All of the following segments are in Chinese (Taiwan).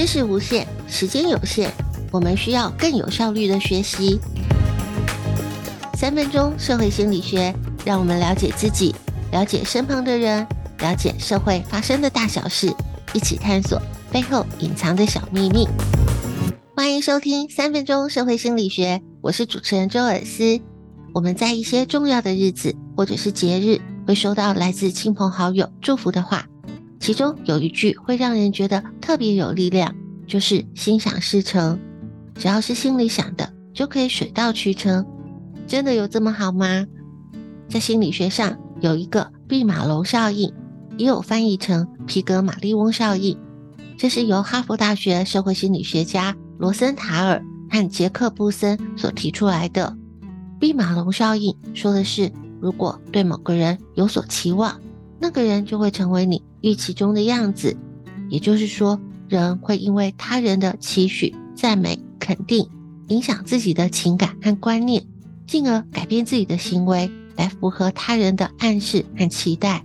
知識無限，時間有限，我們需要更有效率的學習。三分鐘社會心理學，讓我們了解自己，了解身旁的人，了解社會發生的大小事，一起探索背後隱藏的小秘密。歡迎收聽三分鐘社會心理學，我是主持人周爾思。我們在一些重要的日子或者是節日，會收到來自親朋好友祝福的話。其中有一句會讓人覺得特別有力量，就是心想事成。只要是心裡想的，就可以水到渠成。真的有這麼好嗎？在心理學上有一個畢馬龍效應，也有翻譯成皮格馬利翁效應。這是由哈佛大學社會心理學家羅森塔爾和傑克布森所提出來的。畢馬龍效應說的是，如果對某個人有所期望，那個人就會成為你預期中的樣子，也就是說，人會因為他人的期許、讚美、肯定，影響自己的情感和觀念，進而改變自己的行為，來符合他人的暗示和期待。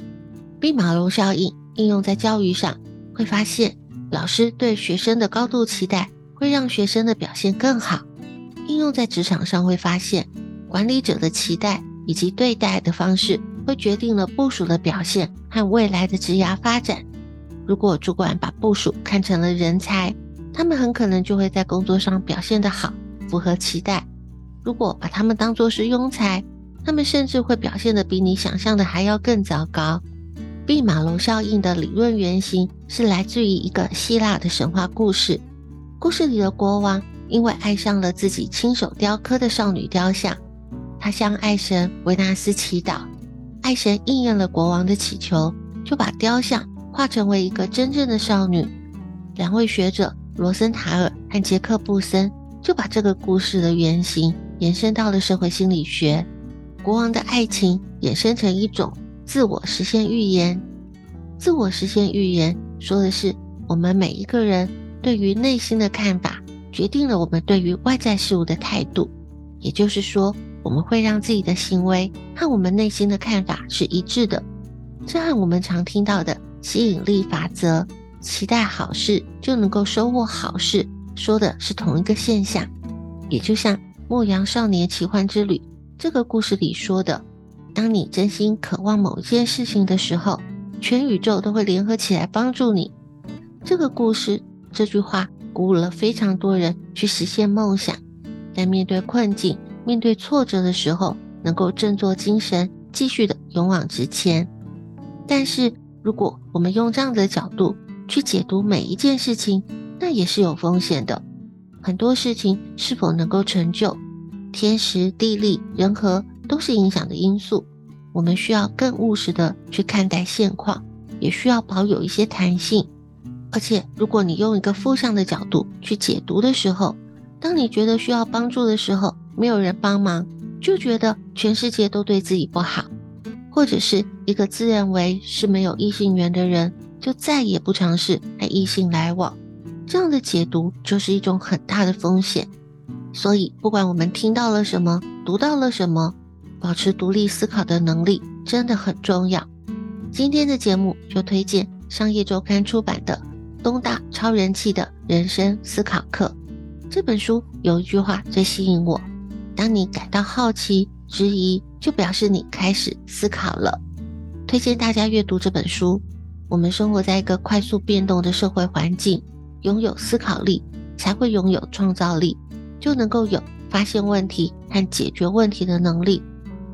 畢馬龍效應應用在教育上，會發現老師對學生的高度期待會讓學生的表現更好；應用在職場上，會發現管理者的期待以及對待的方式。會決定了部屬的表現和未來的職涯發展。如果主管把部屬看成了人才，他們很可能就會在工作上表現得好，符合期待；如果把他們當作是庸才，他們甚至會表現得比你想象的還要更糟糕。畢馬龍效應的理論原型是來自於一個希臘的神話故事。故事裡的國王因為愛上了自己親手雕刻的少女雕像，他向愛神維納斯祈禱。愛神應驗了國王的祈求，就把雕像化成為一個真正的少女。兩位學者羅森塔爾和傑克布森就把這個故事的原型延伸到了社會心理學。國王的愛情衍生成一種自我實現預言。自我實現預言說的是，我們每一個人對於內心的看法，決定了我們對於外在事物的態度。也就是說。我們會讓自己的行為和我們內心的看法是一致的，這和我們常聽到的吸引力法則——期待好事就能夠收穫好事——說的是同一個現象。也就像《牧羊少年奇幻之旅》這個故事裡說的：“當你真心渴望某一件事情的時候，全宇宙都會聯合起來幫助你。”這個故事這句話鼓舞了非常多人去實現夢想，但面對困境。面對挫折的時候，能夠振作精神，繼續的勇往直前。但是，如果我們用這樣的角度去解讀每一件事情，那也是有風險的。很多事情是否能夠成就，天時地利人和都是影響的因素。我們需要更務實的去看待現況，也需要保有一些彈性。而且，如果你用一個負向的角度去解讀的時候，當你覺得需要幫助的時候，沒有人幫忙，就覺得全世界都對自己不好，或者是一個自認為是沒有異性緣的人，就再也不嘗試和異性來往。這樣的解讀就是一種很大的風險。所以，不管我們聽到了什麼，讀到了什麼，保持獨立思考的能力真的很重要。今天的節目就推薦商業週刊出版的東大超人氣的人生思考課，這本書有一句話最吸引我。當你感到好奇、質疑，就表示你開始思考了。推薦大家閱讀這本書。我們生活在一個快速變動的社會環境，擁有思考力才會擁有創造力，就能夠有發現問題和解決問題的能力。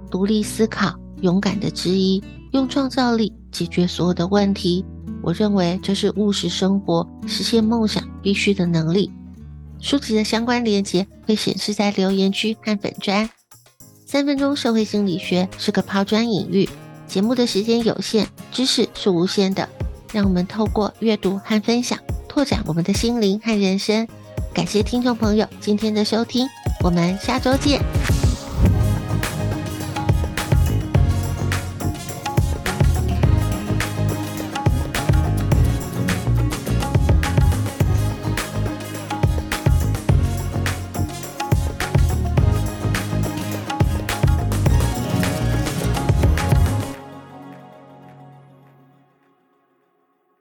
獨立思考、勇敢的質疑，用創造力解決所有的問題。我認為這是務實生活、實現夢想必須的能力。書籍的相關鏈接會顯示在留言區和粉專。三分鐘社會心理學是個拋磚引玉，節目的時間有限，知識是無限的，讓我們透過閱讀和分享，拓展我們的心靈和人生。感謝聽眾朋友今天的收聽，我們下周見。